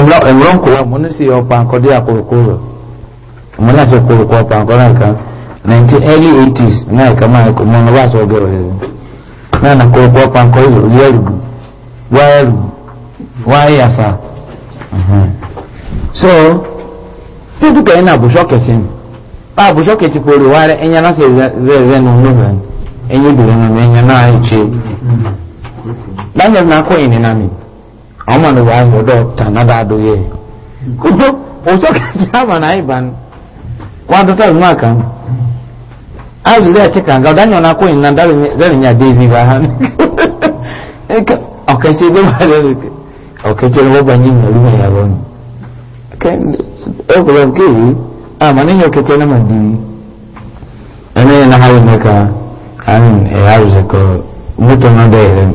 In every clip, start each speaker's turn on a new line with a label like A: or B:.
A: ọ̀rọ̀ wa mo ní sí ọ̀pọ̀ àkọ́dé àkórókóró mo ní àṣẹ kórókó kan nineteen early eighties na ẹ̀ka máa ẹ̀kọ́ mọ́ ọba àṣọ na rẹ̀ náà nà kórókó ọ̀pọ̀ àkọ́dé lórí ẹ̀rùgù wá so ama ni wàá yọ dọ tanada do yẹ kókó òtò kàtí ama náà ìbàn wọn adọ́tà ìlú àkà alùlẹ̀ na tẹ̀ka nga ọ̀dányọ̀ náà kóyìn náà dárẹ̀ ha ha ha ha ọ̀kẹ́tsẹ́ ẹgbẹ́ wà lẹ́nu ọ̀kẹ́tsẹ́ ẹgbẹ́ wà nyi mẹ́lú mẹ́ yàrá ni ẹgbẹ́ kéwì ama ní yọ kẹ́tsẹ́ náà mà di ha ha hà yẹ mẹ́ka àmì ha àrùsẹ̀kọ̀ mọ́tò náà dẹ̀ yẹrẹ mi.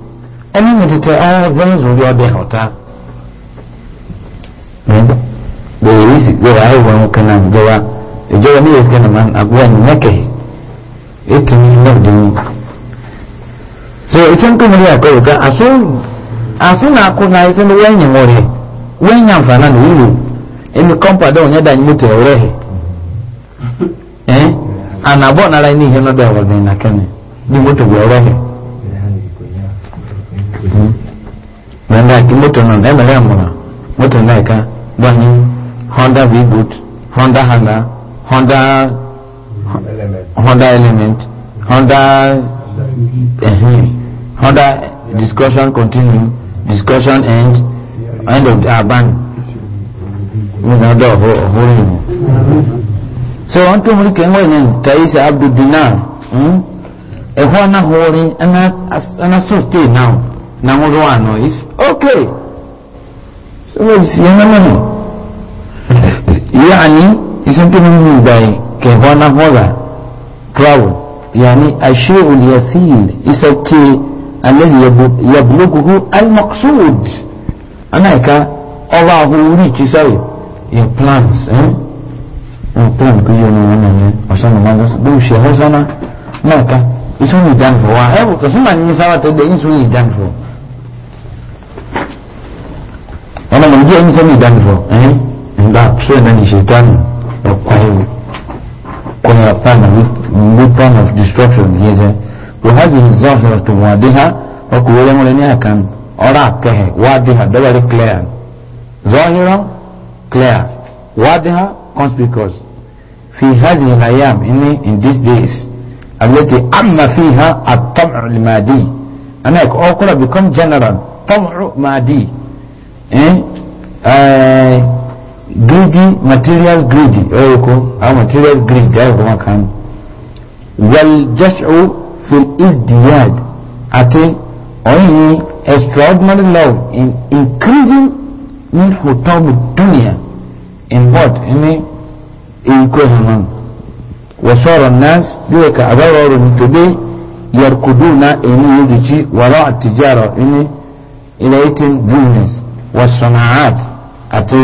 A: ẹni mi tètè ọ ah, vẹ́yìn lórí ọbẹ̀ ọ̀tá. bẹ̀rẹ̀ yìí sì gbẹ̀rẹ̀ àìwọ̀n ọ̀hún kan náà gbẹ̀wá ìjọba ní yẹn sikẹ́nà máa ń agbóhà ní mẹ́kẹ̀ ètò ní lọ́ọ̀dún yìí. so iṣẹ́ ń kọ́mọ́lé àkọ́yọ̀ ká àṣọ àfin náà kó náà iṣẹ́ ní wẹ́yìn wọ́n rẹ̀ wẹ́yìn àǹfààní àná wúlò ẹni kọ́mpa dọ̀ ọ̀nyẹ́ dàní mọ́tò ọ̀rẹ́ ẹ̀ ànàbọ̀ nára ẹni ìhẹ́ náà dọ̀ ọ̀rẹ́ nanda ki moto non e mele amuna moto na ka bani honda v boot honda hanga honda honda element honda eh, honda discussion continue discussion end end of the aban muna da hori mu so on to muri kenwa ne taisa abdu dinar hmm e hwana hori ana ana so stay now na mo do ano is okay so mo si yana mo yani isin to mo dai ke wana hola travel yani ashay'u yasil is okay alladhi yablughu al-maqsud anaka Allah who reach say your plans eh your plan ko yo no na ne asana manzo do she hosana naka isun ni dan wa e ko ah, eh, suma ni sawa to de isun ni dan ko jẹ́ ẹni sẹ́ni ìdánilọ̀ ẹ̀yìn ìgbà tó ẹ̀nà ní ṣètọ́nù ọ̀pá ẹ̀wọ̀ kọ́nà plan of weapon of destruction yìí jẹ́ wọ́n há jìnnì zọ́ọ̀fẹ́ ọ̀tún wọn dé ha ọkọ̀ wọlé wọn ní àkàn ọ̀rọ̀ àtẹ̀hẹ̀ wá dé ha dọ́wọ́rí clear zọ́ọ̀hìrọ̀ clear wá dé ha conspicuous fi há jìnnì hayam ní in these days àbúlẹ̀tì àmà fi ha àtọ́mù lè máa dì àná ẹ̀kọ́ ọkọ̀ rẹ̀ become general tọ́mù máa dì uh, greedy material greedy oyoko eh, au ah, material greed ayo ah, kama kani wal jash'u fil izdiyad ate oyin extraordinary love in increasing min hutamu dunia in what ini ilikuwa hanan wasara nas biwe ka abaroro mtobe yarkuduna ini yudichi wala tijara ini ilaitin business wasanaat àti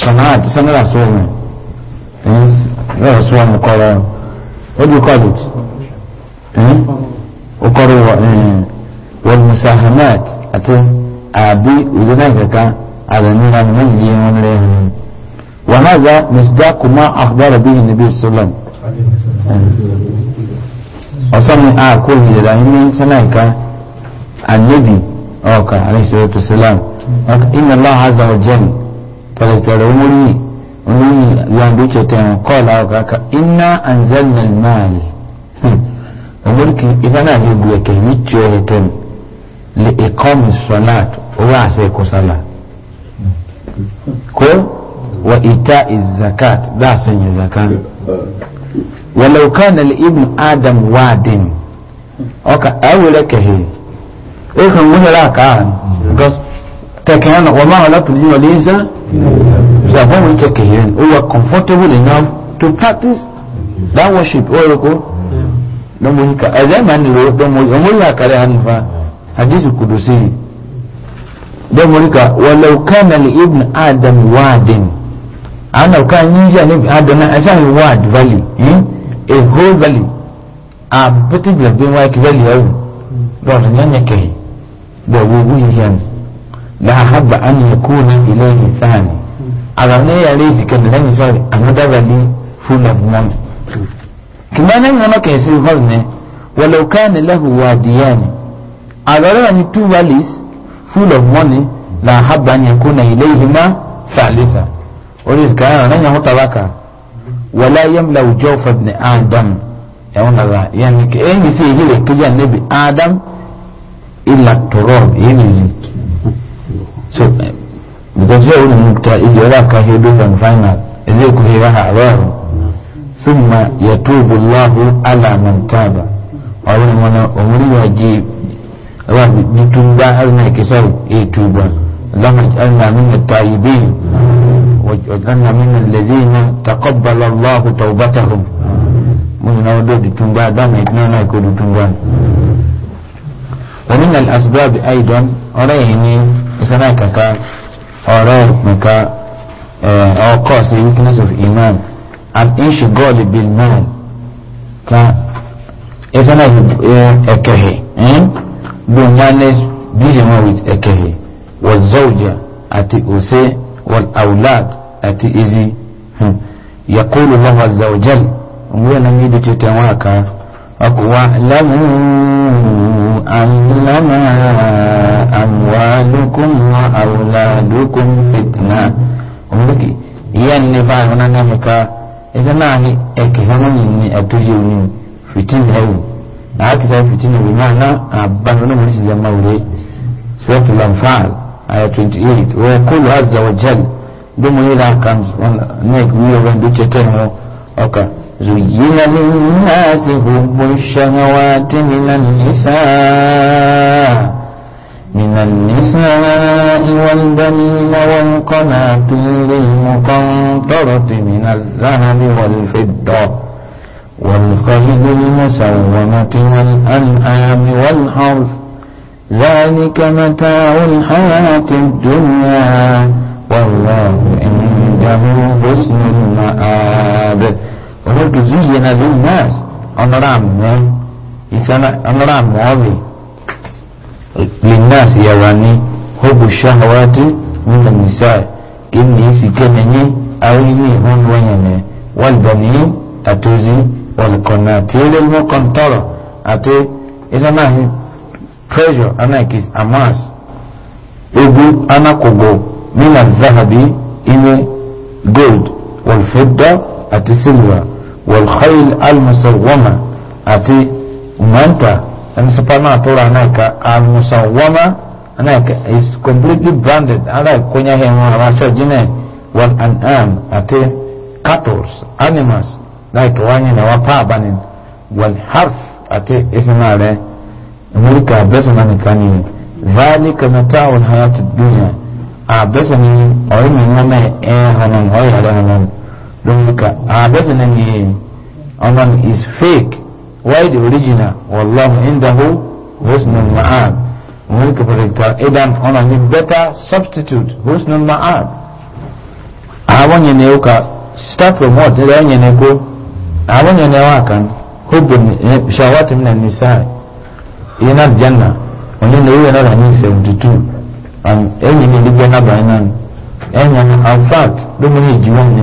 A: ṣọ̀nà àti sẹ́nẹ́rà sọ́ọ̀mù ẹ̀yìn rẹ̀ sọ́ọ̀mù kọ́rọ̀ what do you call it? ó kọ́rọ̀ wọ́n musahamat àti àbí òjòdá ìkẹ̀kẹ́ àdàmìnà méjì yìí wọn rẹ̀ hàn wọ́n náà gba misdaq ma akhbara bihi nabi sallam ọ̀sán ni a kó ìrìnlẹ̀ ní sẹ́nà ìka ànábì ọkà aláìsíwájú sẹlẹm iná láhà zàwọ jẹun pẹlẹtẹrẹ omori omori yandu kẹtẹrẹ kọọlá ọkà ká iná anzẹlẹ máàlì omori kì í sáná àbí ibu ẹkẹ yìí tí ó rẹtẹm lè ẹkọ mi sọláàt owó àṣẹ ẹkọ sálà kó wa ìta ìzakat bá a sanya zakat wàlẹ̀ òkà nàlẹ́ ibùn adam wádìn ọkà ẹ̀wùrẹ́ kẹhìn. ekan wuhira kan because kekiran wa ma halatu ni waliza ya ba mun kekiran o ya comfortable enough to practice that worship o yoko no mun ka azama ni ro do mun mun la kare hanfa hadisi kudusi do mun ka walau kana li ibn adam wadin ana kan yi ya ni adam na asan wad valley eh hmm? a whole valley a particular bin wake valley o Don't you know? بوبويهم لا حب أن يكون إليه ثاني أغنى يليس كان لن يصار another لي full of money كما نحن كيسير غزنة ولو كان له واديان أغنى أن two valleys full of money لا حب أن يكون إليه ما ثالثا وليس كان لن يهتبك ولا يملأ جوف ابن آدم يقول الله يعني كأين يسير هيك كجان نبي آدم illa turab easy so because yau ne muka iya za ka hido yan final zai ku hira hararu summa yatubu Allah ala man taba wa wani wani umri waji wa bitun ba har na kisa e tuba lama anna min at-tayyibin wa anna min alladhina taqabbala Allah tawbatahum mun na do bitun ba da mai na ko bitun ba ومن الأسباب أيضا أريني إسمعك كا أريك أو قاسي weakness of إيمان الانشغال بالمال كا إسمعك أكهي بمانج بيجمعه أكهي والزوجة أتي أسي والأولاد أتي إزي يقول الله عز وجل وين نميد تتواكا أقوى لهم أنما أموالكم وأولادكم فتنة أمبكي يعني نفعل هنا نمكا إذا ما هي من أتجيون فتنة أو أكثر فتنة بمعنى أبان هنا مرسي زمولي سورة الأنفال آية 28 ويقول عز وجل دمو إلى كان نيك ميوغن دوتشتنه أوكي زين للناس حب الشهوات من النساء من النساء والبنين والقناطير المقنطرة من الذهب والفضة والخيل المسومة والأنعام والحرف ذلك متاع الحياة الدنيا والله عنده حسن المآب ولو زين للناس أنرام أنرام وابي للناس يواني حب الشهوات من النساء إني سكنني أولي هون ويني والبنين أتوزي والقناتيل المقنطرة أتي إذا ما هي treasure أنا كيس أماس إبو أنا كوبو من الذهب إني gold والفضة أتي silver والخيل المسومة أتي مانتا أن سبحان ترى هناك المسومة هناك is completely branded على كونيا هي راشا جنة والأنعام أتي cattle animals لايك واني نوابا بنين والحرث أتي اسمها له ملكا بسنا نكاني ذلك متاع الحياة الدنيا أبسني أو من ما إيه هنن هاي هنن donka hadathana ni onam is fake why the original wallahu indahu husnul ma'ad mulka protector idan onam ni better substitute husnul ma'ad awonye ne uka start from what ile onye ne ko awonye ne wa kan hubu shawati min an-nisa ina janna onye ne uwe na ni 72 and enyi ni ligena by nan enyi in fact do mo ni jiwon ni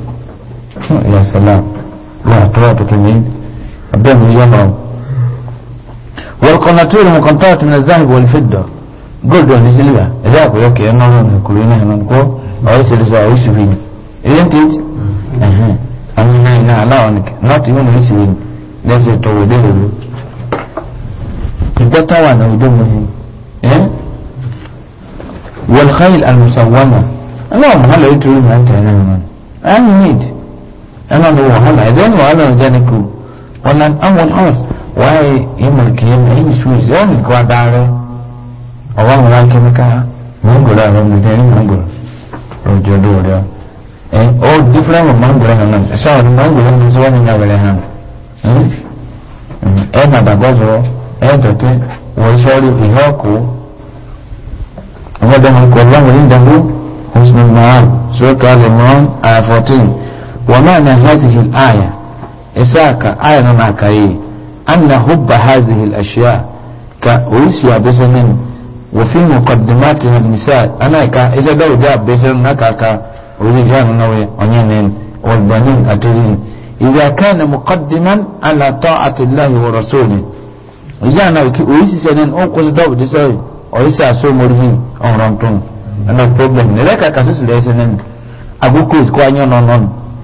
A: ya salam ya tuwa tutumin abdemu yamam والقناطير المقنطرة من الذهب والفضة gold on silver ẹ̀dá àpòyọ́ kìí ọ̀nà ọ̀rọ̀ ìkùrẹ́ náà ló ń kọ́ ọ̀rẹ́ ìṣẹ̀lẹ̀sọ àìṣùwìn ilé tí àwọn iná iná aláwọ̀ nìkan not even ìṣùwìn lẹ́sẹ̀ tọ̀wọ̀ dé lòlú ìgbọ́ta wà náà ojú mi wọlxayil almusawama aláwọ̀ mọ́lẹ̀ ètò ìrìn àti ẹ̀rọ náà i need ana da wahala idan wahala na jani ku wannan an wani aus waye yi mulki yi na yi su zai ni kwa dare a wani wake maka mangoro a wani mutane mangoro rojo doriya eh all different from mangoro na nan sa wani mangoro na zuwa ni na wale han eh na da gozo eh dote wani shari ihoko wadda hankali wani dangu husnul ma'am surka limon a ومعنى هذه الآية إساك آية ناكاي أن حب هذه الأشياء كأويسيا بسنن وفي مقدمات النساء أنا كا إذا دو جاب بسنن نكا كا ويجان نوي ونينين والبنين أترين إذا كان مقدما على طاعة الله ورسوله إذا أنا أويسي سنن أوكوز دو دسوي أويسي أسو مرهين أمرانتون أنا problem نلاكا كاسس ليسنن أبوكوز كوانيون أنون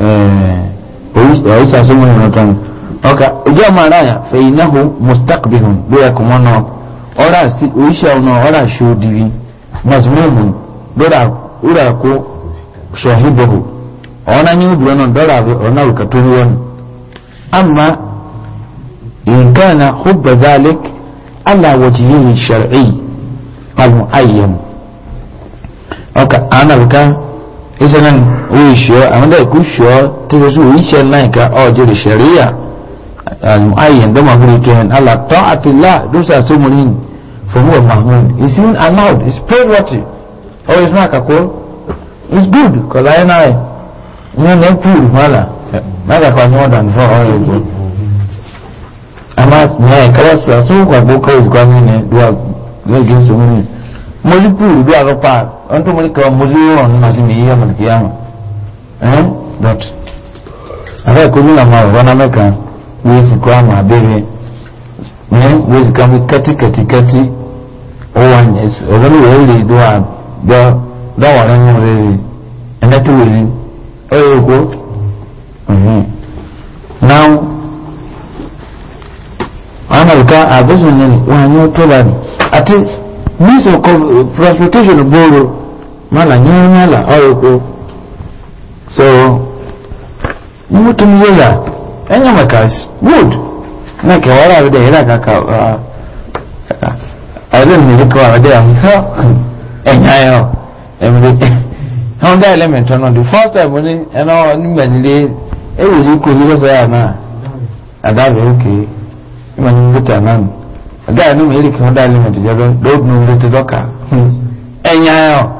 A: ehh orisa sun murni na otu n'ụkwụ oka oge ọ maara ya fayinahua mustak bihun bia kuma na orasi orisha na orashi shodibi muslimi gbaara ko shahibu a wannan ibu ya na darazia a wani waka tozuwa amma in ghana huk basalik alawacin ana shar'ai isa nan wishiyo amma da ku shiyo ta ga su wishiyar nan ka a wajen shari'a al-mu'ayyan da mahuri ke hin Allah ta'atillah dusa su murin for who mahmud is even allowed is praiseworthy or oh, is not kako is good because I and I you know poor mala mala kwa more than for all you amma ne kala sa su kwa boka is gwamnati duwa zai gin su murin mo ji duwa ga pa on to muri ka muliro ni mazi mi ya mulki yamu eh dot ara ko ni na ma wana meka wezi kwa ma bebe ne wezi kama kati kati kati o wanye o wani wele do a do da wara ni wezi ene to wezi o yo ko mhm now amalka abusun ne wani to la ati niso ko transportation boro mala au ayoko so mutum yaya yan yi makas wood na wala da yana kaka a zan ne zuka wa da yan ka yan yayo emre hon da element on the first time when and ni man le e wo ji ko ni so ya na ada be okay man ni buta nan ada ni me ri ko da element jabo do no ri to doka yan yayo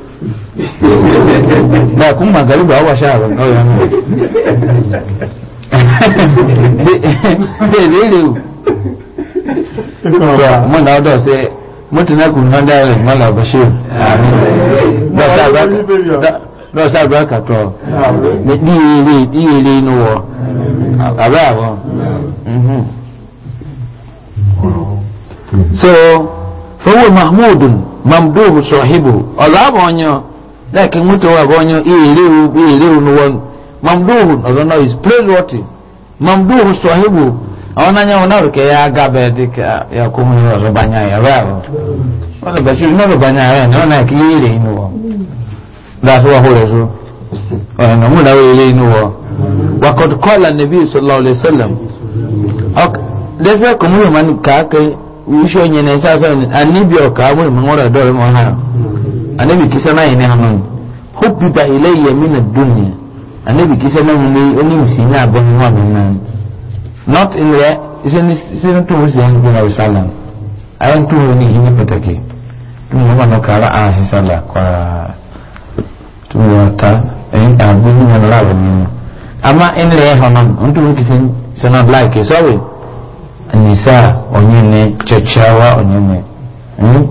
A: ba kun magari ba wa sha ba bẹ́ẹ̀ léèrè o mọ́ náà dọ̀ sí mọ́tàná kùn náà dáre mọ́là bashir lọ́sà bá kàtọ́ díyèrè inú wọ àbá àwọn so fọwọ́ Mahmoud mamduhu sahibu ọ̀làbọ̀ ọ̀yàn like mtu wagonyo iliu iliu nuwon mamduhu ozono is praiseworthy mamduhu swahibu aonanya onaruke ya gabedike ya kumuyo robanya ya babo wala bashi no robanya ya nona kiile inuwo that's what holezo ona namuna weile inuwo وقد قال النبي صلى الله عليه وسلم لذلك كمو من كاك ويشو ني نسا كامو من ورا دور anabi kisa na yene hanon hubbiba ilayya min ad-dunya anabi kisa na hunne oni misini abon wa minna not in the isn't isn't to was yang bin sallam ayan to ni hini patake tun wa no kara a hisala kwa tun wa ta en abun ni la wa minna ama in the hanon untu kisin sana like sorry nisa onyene chachawa onyene hmm?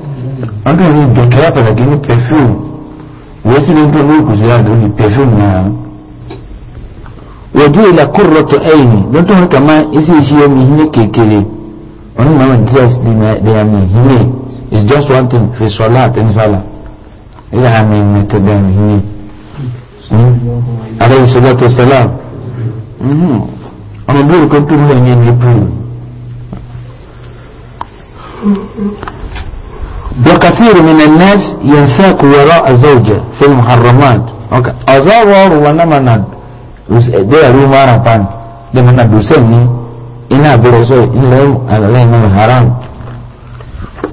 A: ọdún ìlú ìdọ̀tọ̀ àpàlàgé ní perfume wọ́n sì ní tó ní ìkùsí àdó ní perfume náà wọ́n dúró ìlà kúrò tó ẹ̀yìn lọ́tọ̀ wọn kàmá isi iṣẹ́ omi ìhìnlẹ̀ kékeré wọn ní màmá díẹ̀ sí ní àmì ìhìnlẹ̀ is just one thing fi sọlá àtẹnisálà ìlà àmì ìmẹ̀tẹ̀ bẹ́ẹ̀ ìhìnlẹ̀ àrẹ ìṣẹ̀lẹ̀ tó sẹlá ọmọ bíi ìkọ́ tó ń lọ yẹn ní وكثير من الناس ينساك وراء زوجة في المحرمات أزار ونما ند دي روما ربان دي من ندوسيني إنا برسوي إلا يوم على لين الحرام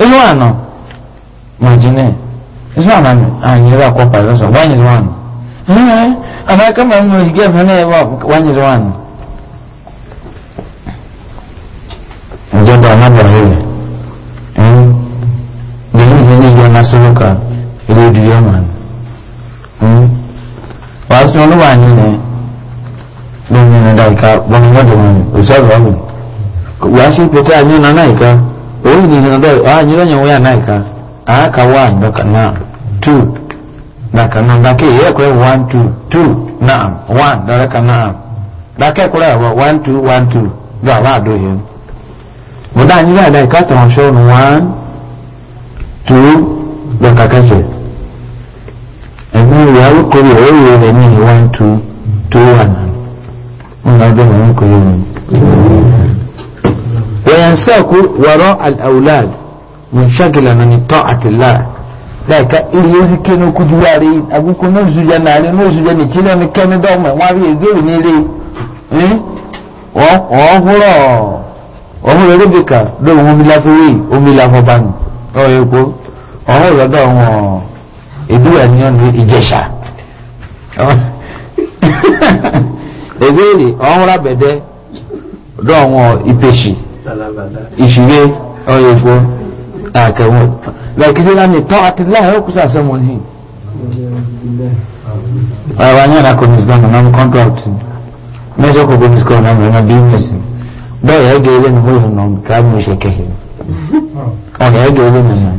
A: إلوانا ما جنيه إسمع من أن يرى قوة بلسة وين إلوانا أنا كمان مجيب هنا وين إلوانا masoroka ilé ìdílé ọmọ hmm? wàá sí olúwa nílẹ̀ lórí ìrìnàdà ìka bọ́mọdé wọn òṣèlú ọ̀hún wàá sí pété àyínà náà ìka òun ìdí ìrìnàdà àyínà yẹn wọ́n yà náà ìka àáka wà àgbàkà náà two dàkà náà dàkà ke? ẹ̀kọ́ ẹ̀ one two two náà one dàkà náà dàkà ẹ̀kọ́ ẹ̀ wọ one two one two lọ àbáàdó yẹn. bùdá àyínà ìka tàn ṣọ́ọ̀nù one two don kaka ce ẹ̀mí ìyàwó kọrí ọ̀rọ̀ ìwé rẹ̀ ní one two two one wọn náà bẹ́ẹ̀ wọn kọ yóò wọn. wọ́n sọ kú wọ́rọ́ al-awlad munshagila na ni tọ́ àti láà láìka ilé yóò sì ké ní okú dúró àrí agbókò náà zùjẹ nàárín náà zùjẹ nìtí náà ní kẹ́ni dọ́ọ̀mọ̀ wọn àrí èzèrè ní eré ọ̀húnrọ̀ ọ̀húnrọ̀ rẹ́bìkà lóhun omi láfẹ́rẹ́ omi láfọ́bánu ọ̀yẹ́kọ́. ọ̀hún ìrọ̀dọ̀ wọn ìdúrà ní ọ̀nà ìjẹ̀ṣà ìbéèrè ọ̀hún rábẹ̀dẹ́ ọ̀dọ̀ wọn ìpèsè ìṣìwé ọ̀yẹ̀gbọ́ àkẹwọn lẹ́kìsí láti tọ́ àti láì ó kúsà sọ́mọ ní. ọ̀rọ̀ ní ọ̀nà kò ní sọ́nà náà kọ́ńtọ́ọ̀tì mẹ́sàn-án kò ní sọ́nà náà bímẹ́sì bẹ́ẹ̀ ẹ̀ẹ́gẹ̀ẹ́rẹ́ ni mo yàn náà káàmù ìṣẹ̀kẹ́ ele na nìyẹn.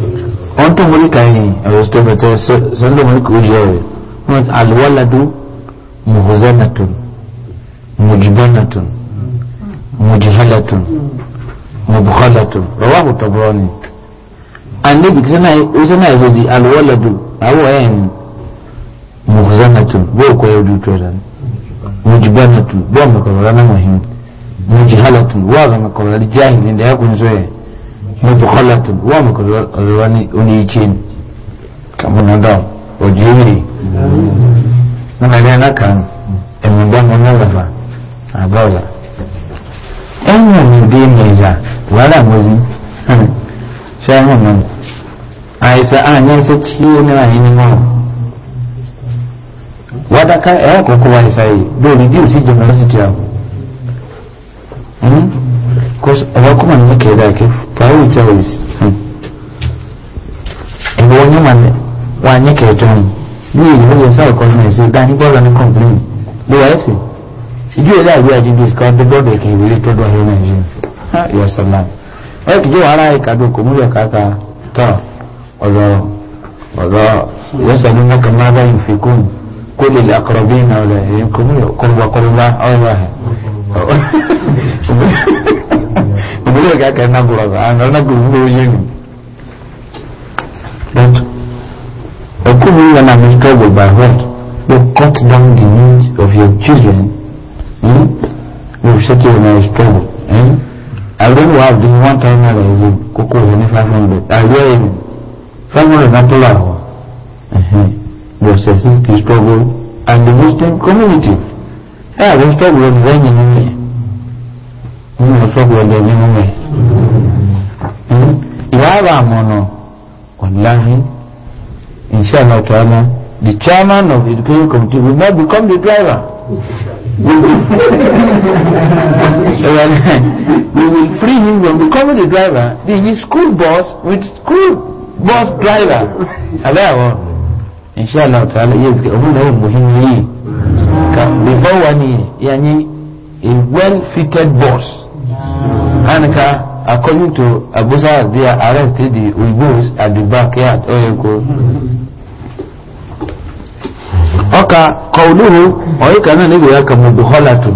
A: ọ̀n tó mórí kàyìn ẹ̀rọ tó bẹ̀tẹ̀ sọ́ńdọ̀ mórí kò yẹ rẹ̀ wọ́n àlùwáládó mùhùzánàtún mùjìbánàtún mùjìhálàtún mùbùkálàtún rọwà kò tọ̀bọ̀rọ̀ ni. àníbi kí sẹ́nà ìrèdí àlùwáládó àwọ̀ ẹ̀ ń mùhùzánàtún bóò kọ́ ẹ̀rọ tó rẹ̀ mùjìbánàtún bóò mẹ́kọ̀ọ́ rẹ̀ náà mọ̀hìn mùjìhálàtún wọ́n àgbà mẹ́kọ̀ọ́ rẹ̀ jáì ní ìdáyàkùn sọ́yẹ̀ mudkhalatun wa mukalwani ulichin kamuna da ojiri na mai na kan emun da mun lafa abawa ẹ̀yìn mi dé mẹ́za wàhálà mọ́sí hmm. ṣáà mọ́ àìsàn àyẹ́sẹ̀ ah, tí ó ní àyẹ́ nínú ọ̀hún wádàká ẹ̀yà kọ̀ọ̀kọ̀ wa ìsàyè lórí bí ò sí jọmọ́ sí ti àwọn because ẹlọkùnmọ̀ ní kẹ̀dá kí kàwé ìtawọ̀ ìsì fún ẹ̀rọ onímọ̀ wà ní ni ní èyí ló yẹ sáà kọ́ sínú ẹ̀sìn dání bọ́ọ̀lù ní kọ̀m̀pléìn bó wà ẹ̀sìn ìjú ìlà ìwé àdídú ìsìkọ́ ọdún bọ́ọ̀dù ẹ̀kẹ́ ìwé tọ́dọ̀ ẹ̀rọ nàìjíríà yọ sọ́lá ẹ̀ kìí jẹ́ wàhálà ìkàdó kò múlò káka tọ́ ọ̀rọ̀ ọ̀rọ̀ yọ́sọ̀dún náà kàmá báyìí fi kún kó lè lè akọ̀rọ̀ bí ìnáwó rẹ̀ kò múlò kọ́lùbá kọ́lùbá ọ̀rọ̀ ẹ̀ ìbílẹ̀ kẹ́kẹ́ náà kò rọ̀gbà àwọn ọ̀nàkò ń lò yé mi but òkú mi yẹn na mistable by what you cut down the needs of your children hmm? you set your mind stable hmm? I don't have the one time that I will kókó yẹn ní five hundred I wear it five hundred na tó làwọ̀ there is a hmm. struggle and the Muslim community ẹ àwọn sọ́gbọ̀ ọ̀dọ̀ ẹ̀yìn nínú ẹ̀ nínú sọ́gbọ̀ ọ̀dọ̀ ẹ̀yìn nínú ẹ̀ hmm? ìwárà àmọ̀nà ọ̀láhí ìṣẹ́nà ọ̀tọ̀ ọmọ the chairman of the education committee will not become the driver we will free him from becoming the driver the his school bus with school bus driver abẹ́ àwọn ìṣẹ́nà ọ̀tọ̀ ọmọ yóò ti ọmọ náà mọ̀ hí yìí ọwà ni yẹnyi a well fitted boss anka according to abusa they are arrested the uigbos at the backyard ọyẹnko ọka kọlùhù ọyíkà náà níbi ya kàmù buholatun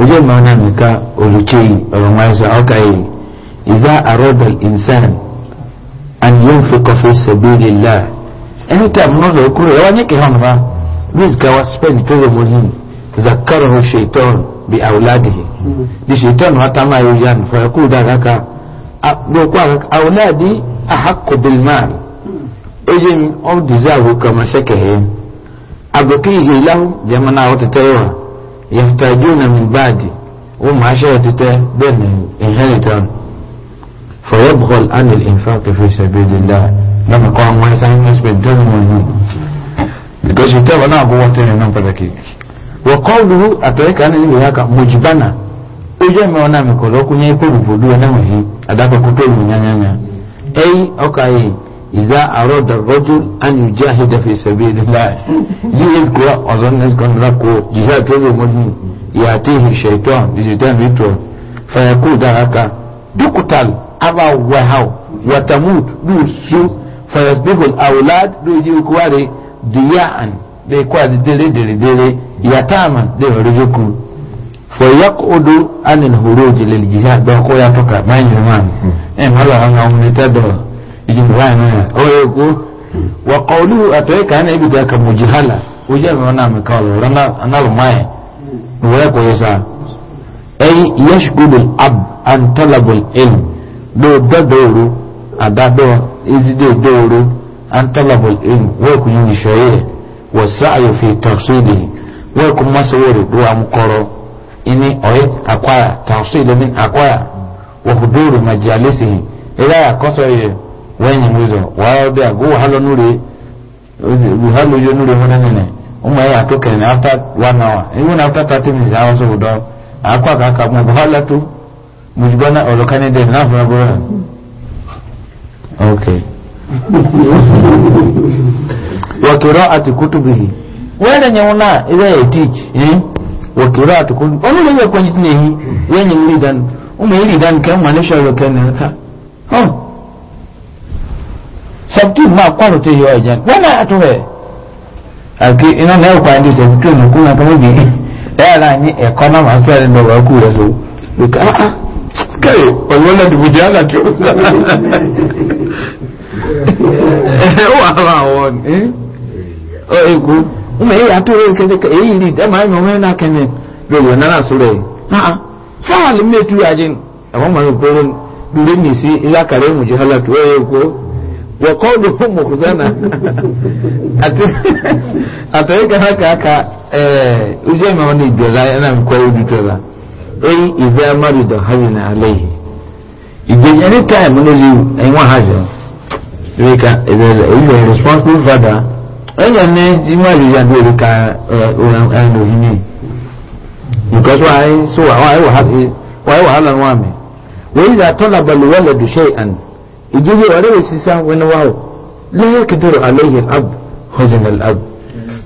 A: ojú ọmọ náà nìka olùkye yìí ọ̀rọ̀ wọn ẹ̀sán ọka yìí ìzá àrọ́dà ìnsán and yóò fi kọfí sẹ̀bílì láà anytime náà lọ kúrò ẹ̀wọ́n nyẹ́kẹ̀ hàn wá risk our spend tó lè mọ̀ yìí. ذكره الشيطان بأولاده الشيطان شيطان وطمع يجان فيقول ذلك أولادي أحق بالمال إجن أو دزاه كما شكه أبقيه له جمنا وتتيوه يفتاجون من بعد وما شهدت بين inheritance فيبغل عن الإنفاق في سبيل الله لما قام ما يسعين نسبة دون والنوم لكي you tell an abu what in وقوله أتوك أنا إلي هكا مجبنا ojú ẹ̀mí ọ̀nà mi kọ̀ lọ́kú ní ìkórùbòdú ẹ̀nàmọ̀ yìí àdàkọ̀kọ̀ tó lù yányányá ẹ̀yí ọkà yìí ìdá àárọ̀ dàrọ́jú àni ìjì àhídàfẹ́ ìṣẹ̀bí ìdílá yìí yìí kúrò ọ̀zọ́ ní ẹ̀sìkọ́ ńlá kó jìhá tó lè mọ́jú ìyá àti ìṣẹ̀tọ́ ìṣẹ̀tọ́ ìmìtọ́ fàyàkó dáhàká dúkùtàl àbá wàháù yataman da yarjuku fa yaqudu anil huruj lil jihad ba ko ya toka man zaman eh mala an ga mun ta da idin wani o ye ko wa qawlu atayka ana ibi da ka mujihala uje ma na me kawo rana anal mai wa ko yasa ay yashghulu al ab an talab al ilm do dadoro adado izide doro an talab al ilm wa ku yin shoye والسعي في تقصيده wọ́n kò mọ́ sọ́wọ́ rẹ̀ kúrò amúkọ́rọ́ ìní ọ̀yẹ́ àkwáyà tàǹsù ìlẹ́mí àkwáyà wọ̀kùdúrù màjàlẹ́sì ẹ̀rọ àkọ́sọ̀ yẹ wẹ́nyìn wa wàá ọbẹ̀ àgó wàhálọ́ núre wàhálọ́ yọ núre wọn nínú ọmọ ẹ̀yà tó kẹrin after one hour even after thirty minutes àwọn sọ̀rọ̀ dọ́ àkọ́ àkàkà mọ̀ wàhálà tó mùjúbọ́nà ọ̀rọ̀ kánidẹ̀ náà fún wọ́n kẹrọ àti wẹ́rẹ̀ yẹn wọn náà ilé ẹ̀ tíj ẹ̀yìn òkèrè àtòkò olóòlù yẹ kọ́ nyitin èyí wẹ́rẹ̀ yẹn lè dánù ọmọ yẹn lè dánù kẹ́ mọ̀ níṣẹ́ ọ̀rọ̀ kẹ́ni ẹ̀ka hàn sọ̀tù máa kọ́rù tó yọ ẹ̀jẹ̀ wọ́n náà tó rẹ̀ àti iná náà ẹ̀kọ́ àti ìṣẹ̀lẹ̀ tó nù kú náà kọ́mọ́ bì ẹ̀ ara ẹ̀kọ́ náà máa fẹ́ ẹni lọ́wọ́ kú rẹ̀ so kẹ́yọ̀ ah, ah. pẹ̀lú ụmụ ya atụrụ ekete ka eyi ndị dị ma anyị onwe na kene lori na na sore ha sawali metu ajin amma ma ko dure ni si ila kare mu jihala to e ko wa qawlu hum khuzana atare ka ha ka eh uje ma wani gola yana ko yudu to la ei iza marido hazina alaihi ije any time no liu ai wa hajo rika a responsible ẹ̀yẹ̀ ní ìmọ̀ ìyá bí orí ka ẹ̀rọ yìí ni because wọ́n ayé so wọ́n ayé wàhálà wọn àmì wọ́n yìí dà tọ́lá balù wọ́n lè dùṣe àn ìjírí ọ̀rẹ́ rẹ̀ sísá wọn wá o lẹ́yìn kìdúró àlẹ́yìn ab hosin al ab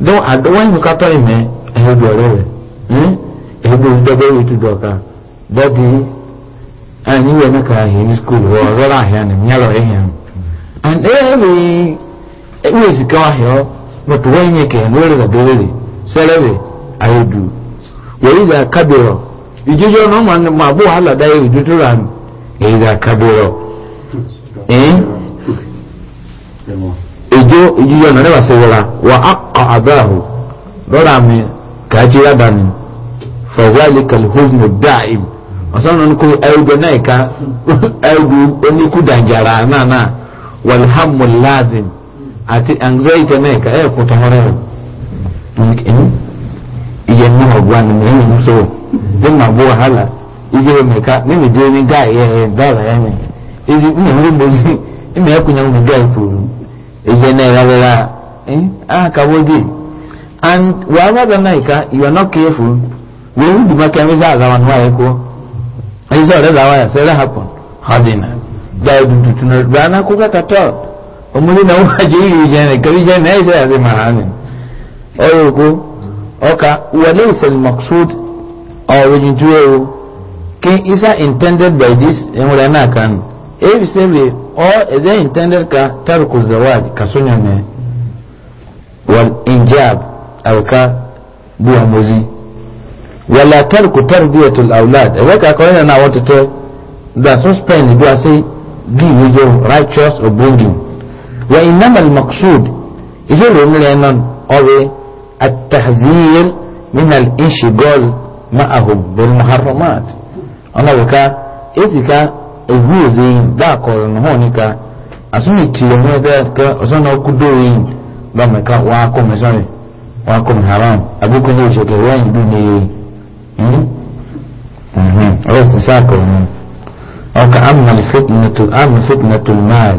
A: dọ́n àdọ́wọ́n yìí kátó ìmẹ̀ ẹ̀yẹ́ bí ọ̀rẹ́ rẹ̀ ẹ̀yẹ́ bí dọ́gbẹ́ yìí tó dọ̀ka dọ́dí ẹ̀yìn yẹn náà kà áhìn ní skul wọ́n rọ́rọ́ àhìn àná mi yàrá ẹ̀yìn àná and ẹ̀yẹ́ bí ẹ̀yẹ́ sì káwá hẹ́ ọ́. but when ke can worry the baby celebrate i do where is a kabiro ijojo no man ma bo hala dai ijojo ran iza a kabiro eh ijo ijojo na never say wala wa aqqa abahu dora mi kajira dani fazalika alhuzn ad-da'im asan nku ayugo naika ayugo oniku danjara na wal hammu lazim àti anxiety mẹ́ẹ̀ka ẹ̀ kò tọ́ ọrẹ́ rẹ̀ ẹ̀yìn ìyẹn náà ọ̀gbọ́n àná ẹ̀yìn mú sọ̀rọ̀ lẹ́yìn máa bó wàhálà ìjẹ́ rẹ̀ mẹ́ka mímì dé ní gáà yẹ ẹ̀ dára ẹ̀ mi èyí ní ìwé gbòòsì ìmì ẹ̀kùn yẹn mi gáà ìpòrò ìyẹn náà ẹ̀rọ rẹ̀ ẹ̀yìn àkàwọ́ dé and wàhálà dàn náà ìka you are not careful wẹ́n ń dùnmọ́ kẹ́mi sá àgbà wọn wáyé kó ẹ̀yìn sọ̀rọ̀ rẹ̀ làwọn yà sẹ́rẹ̀ happen hardina kó kàkà omuli na waje iri jene kari jene ya isa ya zai maramin oyo ko oka wale isa maksud orin juwewo kin isa intended by this emura na kan ebi sebe o ede intended ka tarku zawaj ka sunya ne wal injab alka buwa mozi wala tarku tarbiyatul aulad e waka ko na wata to da suspend do say be with your righteous upbringing وإنما المقصود يزيل من أو التحذير من الانشغال معهم بالمحرمات أنا بكا إذكا إبوزي ذاكر هونيكا أسمي تيرمي ذاكا أسمي أكدوين لما واكم سوري واكم حرام أبوك يوشك وين دوني أه؟ أه. أه. أمم أه. أه. أه. أما الفتنة أما فتنة المال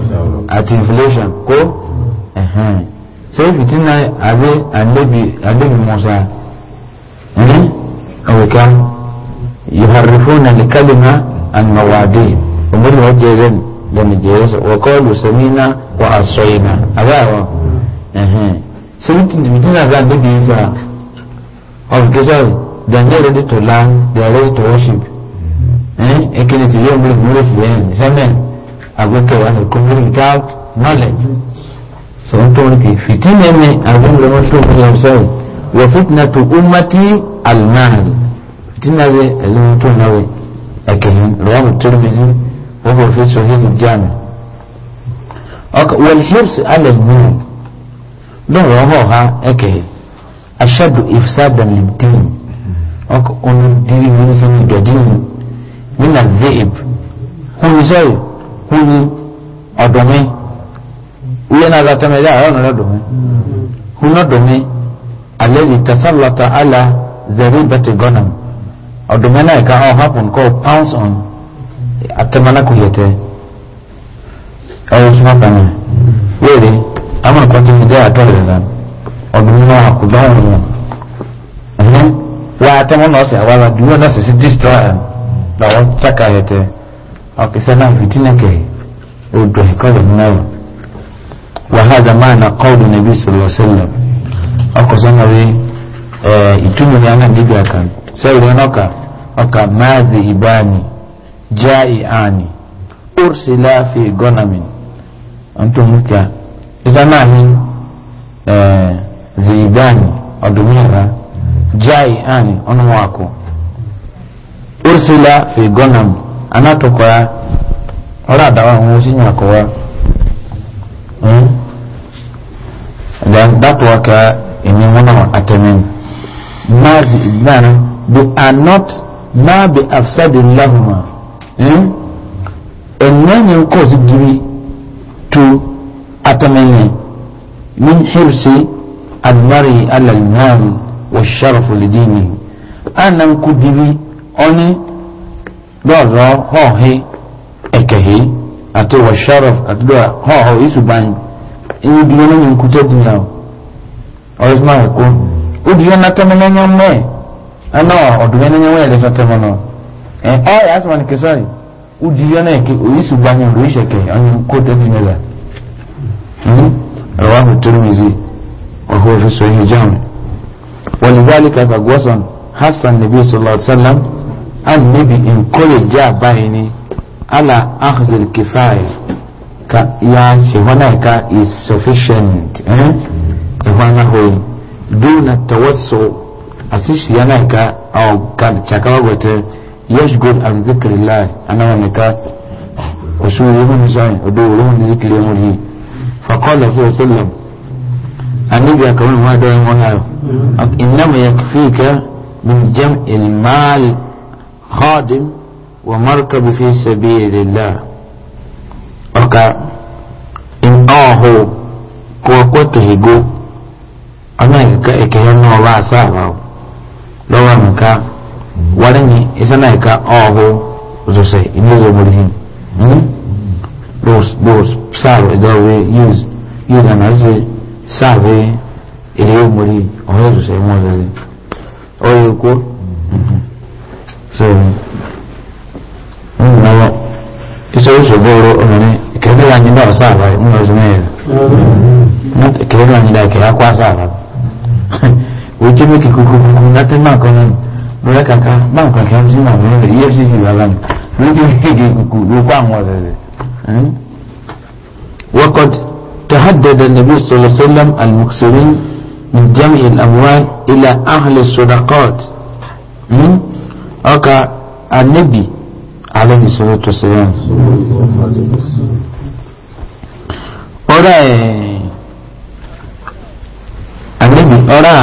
A: àti inflation kó ṣe fìtínà àbí àlébi musa ní ọ̀wẹ̀ká يحرفون الكلمة عن مواضيع ومن وجههم لم يجلس وقالوا سمينا وعصينا أباوا أها سمعت مثل هذا النبي إيسا أو كذا they are not ready to learn they are ready to worship eh ekele ti yẹ ọmọ ìmúlẹ̀ sílẹ̀ ẹ̀ sẹ́mẹ̀ agbẹ́kẹ̀ wà ní kúndùn without knowledge so n tó ń ti fìtínà mi àgbẹ̀mí lọ́mọ tó ń yẹn sọ́yìn wọ́n fìtínà tó umati almahal fìtínà bẹ ẹlẹ́wọ̀n tó náà bẹ ẹ̀kẹ́yìn lọ́wọ́ tó ń bẹ̀sí wọ́n bọ̀ fi sọ yìí jáàmù wọ́n hirs alẹ́ mìíràn lọ́wọ́ ọ̀họ́ ha ẹ̀kẹ́yìn aṣáàdù ìfisàdàn lè dín ọkọ̀ ọ̀nà dín ní sẹ́ni dọ̀dín nínú wu ọ̀dọ̀mí wíyẹ́ náà látà mẹ́rin àárọ̀ náà dọ̀mí húnà dọ̀mí alẹ́bí tasallata ala zẹ̀rí bẹ́tẹ̀ gọ́nà ọ̀dọ̀mí náà ìka ọ̀ hapun kọ́ pounds on atẹ́mánàkù yẹtẹ ọ̀rọ̀ súnmọ́ pàmì wéèrè àwọn nǹkan tó fi dé àtọ́ rẹ̀ rẹ̀ ọ̀dọ̀mí náà kò dánwò wọn wọ́n atẹ́mọ́ náà sì àwọn àdúgbò náà sì sí destroyer làwọn sákà yẹtẹ ọ̀kẹ́sẹ́ náà fìtínà kẹ́yì. odò ẹ̀kọ́lẹ̀ mẹ́wàá wàhádà máa na kọ́ọ̀lù nàbí sọlọ́sẹ́lẹ̀ ọkọ̀ sọ́nà rí ìtumọ̀ ní aná níbi àkà sẹ́yìn wọn ọkà fi gonamin ọ̀ntọ́mùkà ìsá náà ní zìbáni ọ̀dùnmíra já ìhàní ọ̀nàmọ́àkọ́ ursula fi gọ́nàmì anatokoa ọ̀rọ̀ àdáwà àwọn oṣìyàn àkọwà dátùwákà ìní wọn náà àtẹ̀mí máàzì ìgbàna they are not máa bí afsadi lahuma ẹ̀nẹ́ni kọ́ sí gírí tó àtẹ̀mẹ́yìn min hirsi almari alalmari wa sharafu lidini a nan ku gírí ọni lọ́rọ̀ họ́hìn kẹ̀hẹ́ àti wa sharaf àdúrà hàn ọ́ èsù bá ń ewu dúró lórí nkútẹ́ dùn náà ọ̀rẹ́ sọ́mà ẹ̀kọ́ ó dúró náà tẹ́mẹ́ lẹ́yìn ọmọ ẹ̀ ẹ̀nà ọ̀dùnmẹ́ lẹ́yìn ọmọ ẹ̀ lẹ́sọ̀ tẹ́mẹ́ náà ẹ̀ ọ́ ẹ̀ asọ́mà ní kẹsọ́rì ó dúró náà kẹ èsù bá ń lórí ìṣẹ̀kẹ̀ ọ̀yìn kútẹ́ dùn náà رواه الترمذي وهو في صحيح جامع ولذلك فقوصا حسن النبي صلى الله عليه وسلم النبي encourage جاء بايني على أخذ الكفاية يا هناك is sufficient eh? إيه؟ هنا هو دون التوسع أسيش هناك أو كان تشكاوغوت يشغل عن ذكر الله أنا هناك وشو يوم زين ودور يوم ذكر يوم فقال صلى الله عليه وسلم النبي كمان ما دايم وهاي إنما يكفيك من جمع المال خادم ومركب في سبيل الله وكا إن أهو كوكوته جو أنا كأكهن ولا سافر لو أنك ورني إسنا كا أهو زوسي إنزو مرهن those those serve that we use use and as serve ilé omori ọ̀rẹ́ ìṣẹ̀wọ̀n ọ̀rẹ́ ìṣẹ̀wọ̀n ọ̀rẹ́ ìṣẹ̀wọ̀n ọ̀rẹ́ ìṣẹ̀wọ̀n soboro onani kebe la nyinda osaba uno zumeyo kebe la nyinda ke akwa saba wecheme kikukukuku nate makonan lora kaka ba ka ka mzima mwe EFCC balan lori hege kuku lokwa ngwazele وقد تهدد النبي صلى الله عليه وسلم المكسرين من جمع الأموال إلى أهل الصدقات أوكا النبي alayhi salatu wasalam ọ̀rá ẹ̀ eh, àníbi ọ̀rá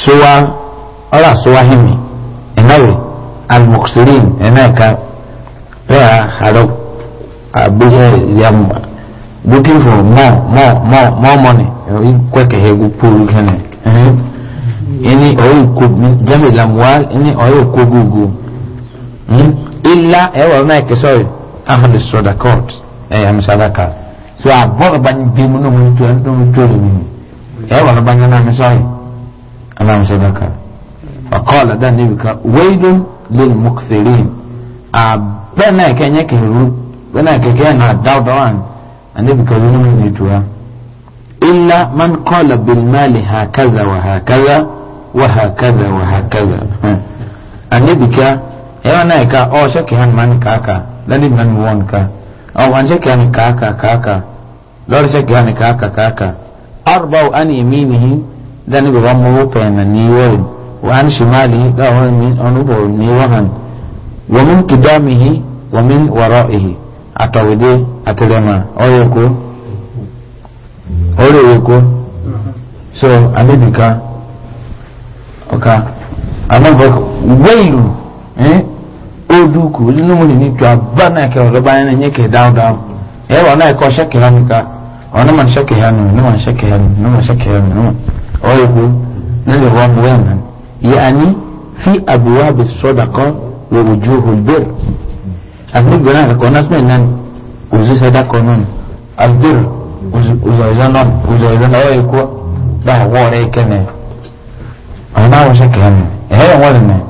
A: ṣọ́wá ọ̀rá ṣọ́wá hìmì ẹ̀náwẹ̀ almoxirin ẹ̀náẹ̀ka bẹ́ẹ̀ àrọ àgbéyẹ̀ yamma looking for more more more more money ẹ̀rí kwẹ́kẹ̀ ẹ̀gbù púrú kẹ́nẹ̀ ẹ̀hìn ẹni ọ̀rọ̀ ìkó jẹ́mìlàmùwá ẹni ọ̀rọ̀ ìkó gbogbo Hmm? illa ẹwà eh, náà kì sọ́ọ̀rì ahàlì sọ̀dà court ẹ̀yà eh, mùsàdákà so àbọ̀rọ̀ bá ń bí mu náà mo tó ẹni tó mo tó lè mi ẹwà náà bá ń yẹn náà mi sọ́ọ̀rì ẹ̀yà mùsàdákà ọ̀kọ́ọ̀lá dá níbi ká wéyìdùn lónìí mọ́kìtìrì àbẹ́ náà kẹ́nyẹ́ kẹ́rù bẹ́ẹ̀ náà kẹ́kẹ́ náà dáwọ́dọ́ wà níbi ká lónìí mi illa man kọ́ọ̀lá bilmali hakaza wa hakaza wa hakaza wa hakaza àníbi hmm. ká ewa na ka o oh, shaki han man kaka lani man won ka o oh, wan shaki han kaka kaka lor shaki han kaka kaka arba'u an yaminihi dan bi wa mu pe na ni won wa an shimali da won min onu bo ni wahan wa min qidamihi wa min wara'ihi atawide atelema oyoko oyoko so alibika okay anabok wailu Hmm? oduku numuni ni tu abana ke oroba ne nyeke down down e wa na ko shake hanu ka ona man shake hanu no man shake hanu no man shake hanu no o yugo ne le wa mu wen yani fi abwab as-sadaqa wa wujuh al-bir abu gana ko nas men nan uzu sadaqa non al-bir uzu uzu non uzu non o yugo da wore kene ona wa shake hanu e wa ne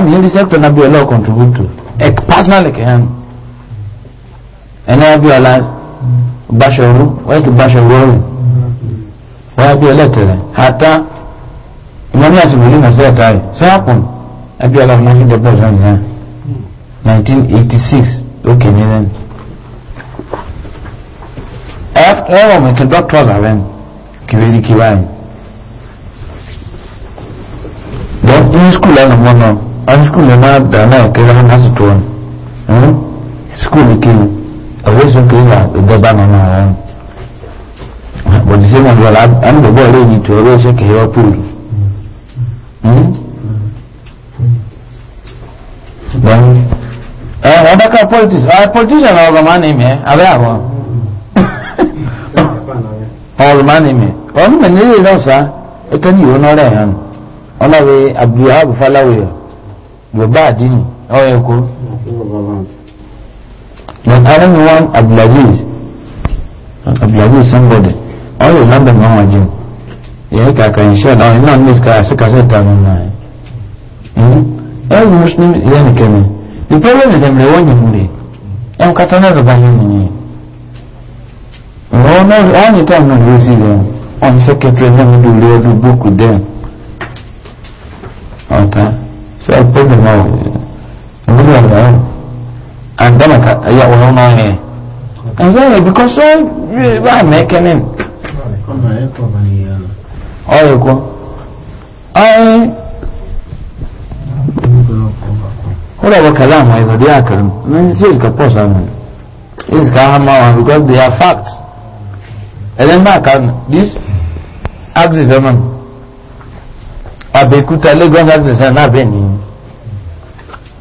A: mi ní sector náà bí ọlọ́ contribute ẹ̀ personally kẹ́hìn ẹ̀ náà bí ọlá báṣọrú wọ́n ti báṣọrú ọ̀rùn wọ́n bí ọlẹ́tẹ̀rẹ̀ àtà ìmọ̀ ní àsìkò ní nàìjíríà tààrí sẹ́yàpùn ẹbí ọlọ́run náà fi dẹ́gbẹ́ ọ̀sán nìyà 1986 ókè ní lẹ́nu ẹ̀rọ mẹ́kẹ́ dọ́kítọ̀ làrẹ́ nù kìrìkìrì báyìí lọ ní skul ẹnu mọ́ náà an skul na da na kira na su tuwon skul kiri a wasu kiri na gaba na na ran wanda sai man wala an da ba ni to ro sai ka yawa puru dan eh wanda ka politics ah politician na ga ni, me abe abo all mani me ni me ni ro sa e ni yi wona re han ona we abdul hab yorùbá àdínì ọ̀rọ̀ ẹ̀kọ́ then arẹ́mi wọn abdulaziz abdulaziz somebody wọ́n yóò lábẹ̀ mọ́ wọn jù yẹ́ kàkà ìṣọ́ àwọn iná ní ìsìkà síkàsẹ́ ìtàmì náà every muslim yẹ́ nìkẹ́mi the problem is ẹ̀mìrẹ̀ wọ́n yìí múre ẹ̀m kátà náà lọ́ba yìí mú yìí ọ̀rọ̀ náà wọ́n yìí tàbí náà lóòsì rẹ̀ ọ̀n náà mi lò ọdún bókù dẹ́ ọ̀tá. Okay so I told him no I'm really on my own and then I got yeah well no yeah and so because so why am I coming oh you go I kódà bọ kàlá àwọn ìbàdí àkàrùn ní sí ìsìkà pọ̀ sáwọn ìsìkà hàmà wọn because they are facts Then máa kàrùn this axis ọmọ abẹ́kúta lagos axis náà bẹ́ẹ̀ nìyí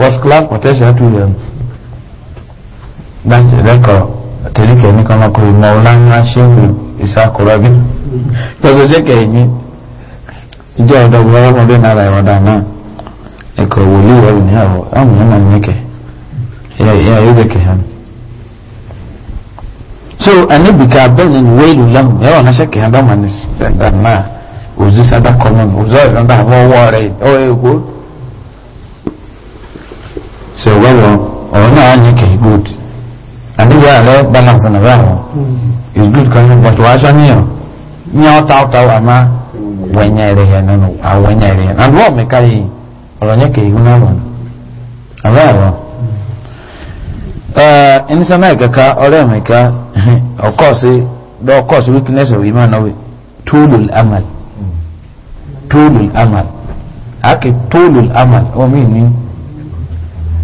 A: first class potential to them. That's the record. Tẹ̀lé kẹ̀mí kan náà kò rí Mọ̀láńlá Ṣéhù Ìsákùrọ́bí. Tọ́sọ̀ ṣé kẹ̀mí ìjọ ọ̀dọ́gbọ̀ ọlọ́mọdé náírà ìwọ̀dà náà ẹ̀kọ́ wòlíì wọ̀lú ní àwọ̀ ọ̀hún ní màmí kẹ̀ ẹ̀yà ìwé kẹ̀ hàn. So ẹnibìkà bẹ́ẹ̀ ni wéèlú lẹ́hùn ẹ̀wọ̀n náà ṣe kẹ̀ hàn bá màmí náà òzú sábà kọ́ mọ́ so gbọ́dọ̀ ọ̀rọ̀ náà á yẹ kìí good àdébí àlọ́ balance ọ̀nà rẹ̀ ọ̀ is good kan ní but wàá sàníyàn ní ọ̀tá ọ̀tá wà má wẹ̀nyẹ̀ rẹ̀ yẹn nínú àwẹ̀nyẹ̀ rẹ̀ yẹn and wọ́n mi káyé ọ̀rọ̀ yẹn kìí hun náà wọ̀n àbẹ́ àwọ̀ ẹnisẹ́nà ìkẹ́kẹ́ ọ̀rẹ́ mi ká ọ̀kọ́ọ̀sì dọ́ọ̀kọ́ọ̀sì weakness of human knowledge tóòlù amal mm-hmm. tóòlù amal àkè tóòlù amal ọmọ mi ní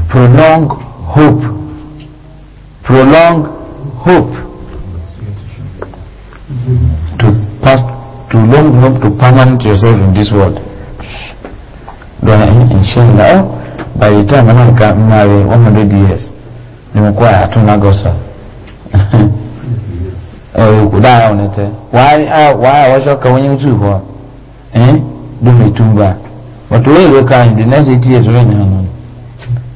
A: prolong hope prolong hope to pass to long hope to permanent yourself in this world don inshallah by the time i'm going to marry 100 years nimekuwa hatuna gosa oh, kudaya onete waya ah, washoka wenye utuhwa eh But watu wero ka in the next 8 years wenye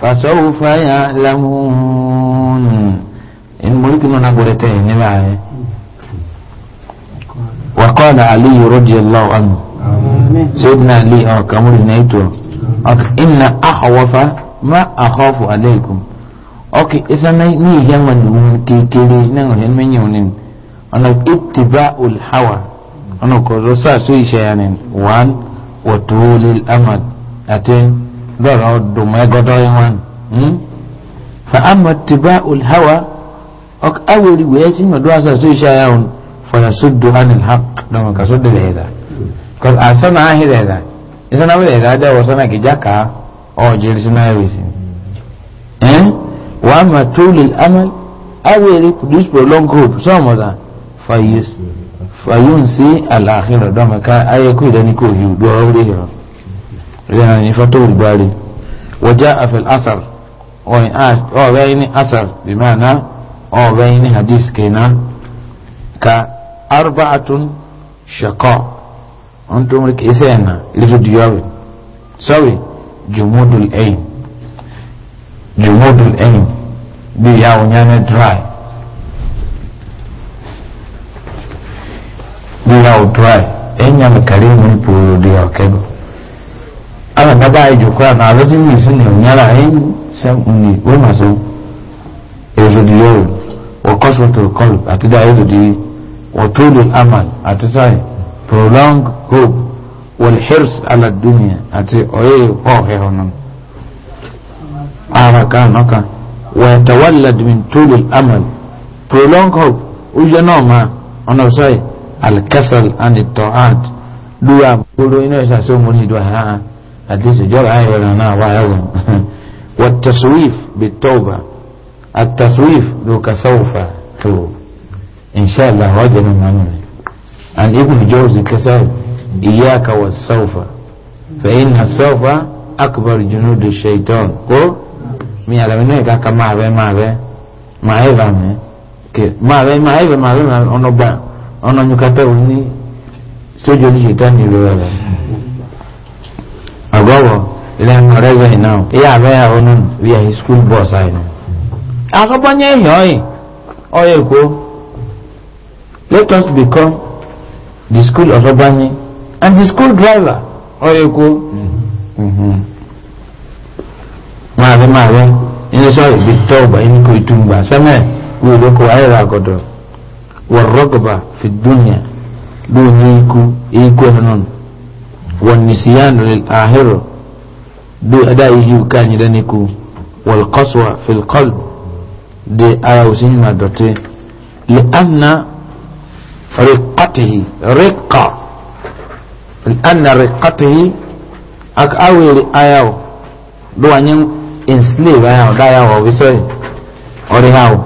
A: فسوف يعلمون إن ملكنا نقولتين نبعه وقال علي رضي الله عنه آمين. سيدنا علي أو كمر نيتو إن أخوف ما أخاف عليكم أوكي إذا ني يمن كيكيري نعو هنمين يونين أنا اتباع الحوى أنا كوزوسا سوي شيئا وان وطول الأمد أتين dọ̀rọ̀ dùnmọ́ ẹgọdọ́ ìwọ̀n hmm? fa ama tìbá olùhàwà awèrè wẹ́ẹ́ sí mọ̀dọ́ àṣàṣọ iṣẹ́ ayá òun fọ̀nà sódò anil haq dọ̀mọ̀ kà sódò rẹ̀ dà kọ́sì àṣánà ahìrẹ̀ dà ìṣánà ahìrẹ̀ dà dẹ́wọ̀ sọ́nà kìjà ká ọ̀jẹ̀rì sínú ayẹ̀wì sí. Hmm? wàá ma tó lè amal awèrè produce prolonged hope sọ́ọ̀mọ̀dà يعني فتو الباري وجاء في الأثر أو بين أثر بمعنى أو بين حديث كنا كأربعة شقاء أنتم لك إسانا لفديوين سوي جمود الأين جمود الأين بياو نانا دراي بياو دراي أين يا مكريم من بورو ديو كبه ala baba ijoko na alazi ni fun ni onyala en sem ni we ma so ezudiyo wa qaswatul qalb atida ezudi wa tulul amal atisai prolong hope wal hirs ala dunya ati oye ho he honon ara ka noka wa yatawallad min tulul amal prolong hope ujana ma ona sai al kasal an at-ta'at duwa ina sa so mo ni duwa ha hadisi jọ́rọ̀ ayẹ̀wẹ̀ náà náà wá yàzùn wà taswif bi tọ́ba a taswif ló ka saufa to inṣàlá wájẹ̀ ní mọ́nà rẹ̀ an ibn jawzi kasa iyaka wa saufa fa inna saufa akbar junudu shaitan ko mi alamin ne ka ka ma be ma be ma e ba ke ma be ma ono ba ono nyukata uni sojo ni shaitan ni lo agogo ilẹ̀ ọ̀rẹ́zẹ̀ iná ìyá abẹ́ ọ̀nà bí i school bus àìnà akọ́bọ́nyẹ́ ìhìn ọ̀yìn ọ̀yẹ̀ èkó let us become the school of ọgbanye and the school driver ọ̀yẹ̀ èkó maame maame ẹni sọ ibi tọ́ ọba ẹni kò tún gbà sẹ́mẹ̀ wíwọ́ kó ayẹ̀rọ àgọ́dọ̀ wọ̀ rọ́gọ̀bà fìdúnyà lóyún ikú ikú ẹ̀nà náà. والنسيان للآخرة دو أداء يجيب كان يدنكو والقسوة في القلب دي آية وسينما دوتي لأن رقته رقة لأن رقته أك أوي لآية دو أن ينسليب آية وداية وبسوي أريهاو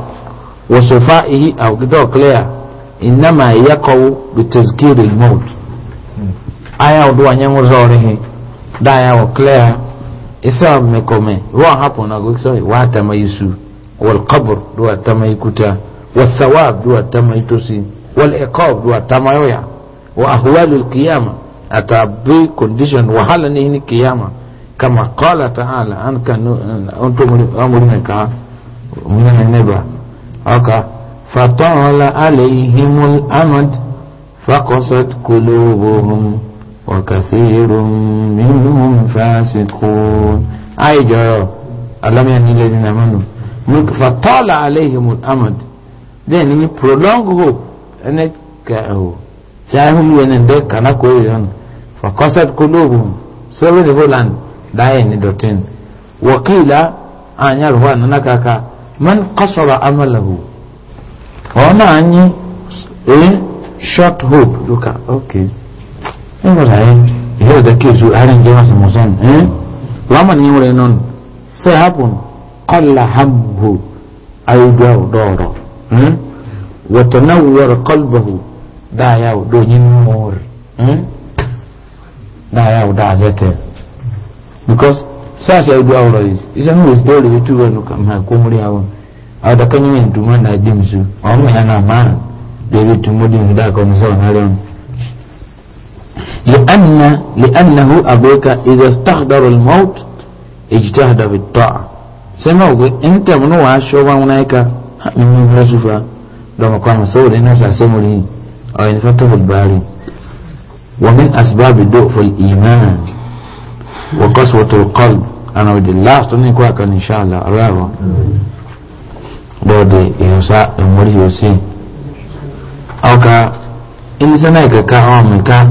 A: وصفائه أو كدو كليا إنما يقو بتذكير الموت aya odwa nyangu zore he da ya wa clear isa me kome wa hapo na go so wa tama isu wal qabr do tama ikuta wa thawab do tama itosi wal iqab do tama yoya wa ahwal al qiyamah atabi condition wahala ni ni kiyama kama qala ta'ala an kanu antum amrunaka min neba aka fatala alaihimul amad faqasat qulubuhum وكثير منهم فاسقون أي جرى ألم يعني الذين آمنوا look فطال عليهم الأمد then you prolong hope and it كأهو ساهم ينندك كان كويون فقصد قلوبهم سوى نقولان داين ندوتين وقيل أن يروى أنك من قصر أمله وما أني short hope look at okay ẹ wọ́n láyé ìyá ọ̀dà kéjù àárín jẹ́ wọ́n sì mọ̀ sọ́nù ẹ́ lọ́mọ ní ìwúrẹ́ náà ṣe hapun kọ́là hambo ayédè ọ̀dọ́ ọ̀rọ̀ wọ̀tọ̀ náà wúwọ́rọ̀ kọ́lbọ̀hù dáyà ọ̀dọ́ yín mọ́ọ̀rì dáyà ọ̀dọ́ àzẹ́tẹ̀ because sáàsì ayédè ọ̀rọ̀ yìí iṣẹ́ mi ò sí dọ́ọ̀rọ̀ yìí túwẹ̀ nù kàmá kó múrí àwọn ọ̀dọ́ kẹ́nyìn ìdùnmọ́ náà dì لأن لأنه أبوك إذا استحضر الموت اجتهد في بالطاعة سمعوا أنت منوع شوفا هناك من فلسفة لما قام صور الناس سمري أو إن فتح الباري
B: ومن أسباب
A: ضعف الإيمان وقسوة القلب أنا ودي الله one كواك إن شاء الله أراه دودي يوسا المري يوسي أو كا إنسانا كا عامل كا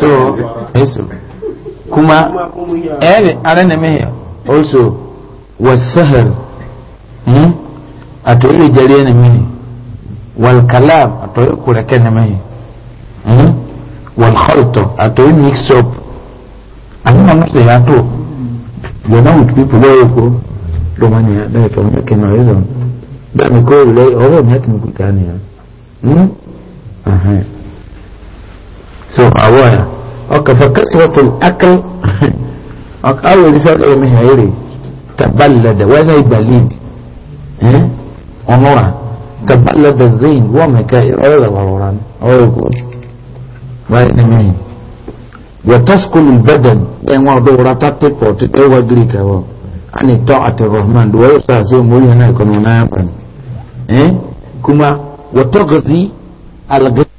A: to eso kuma ebe ara na mehe also wasahar hmm atoyo jariya na mehe wal kalam atoyo kureke na mehe hmm wal khalto atoyo mix up amma mse ya to yana with people leo ko romania da kamwe kenaweza ba mikoro leo obo mhati mkutani ya Hmm? so awaya oh, ọkà fakasiratul akal awọ ìrísà ọ̀rẹ́ mi hàírì tabalada wẹ́sà ìgbàlíd ọ̀nọ́ra tabalada zayn wọ́n mẹ́ka ọ̀rẹ́ làwàrọ̀ra ọ̀rẹ́ ìgbòho wáyé ni mẹ́rin wọ́tọ́skùlù bẹ́dẹ̀n ẹ̀wọ̀n ọ̀dọ́ wọ́n rata tẹ́pọ̀ tẹ́tẹ́ wá gírí kẹwọ́ àni tọ́ àti rahman wọ́n yóò sàásì òmùrí yẹn náà ìkọ́nù náà yẹn pẹ̀lú kuma وتغذي الغذاء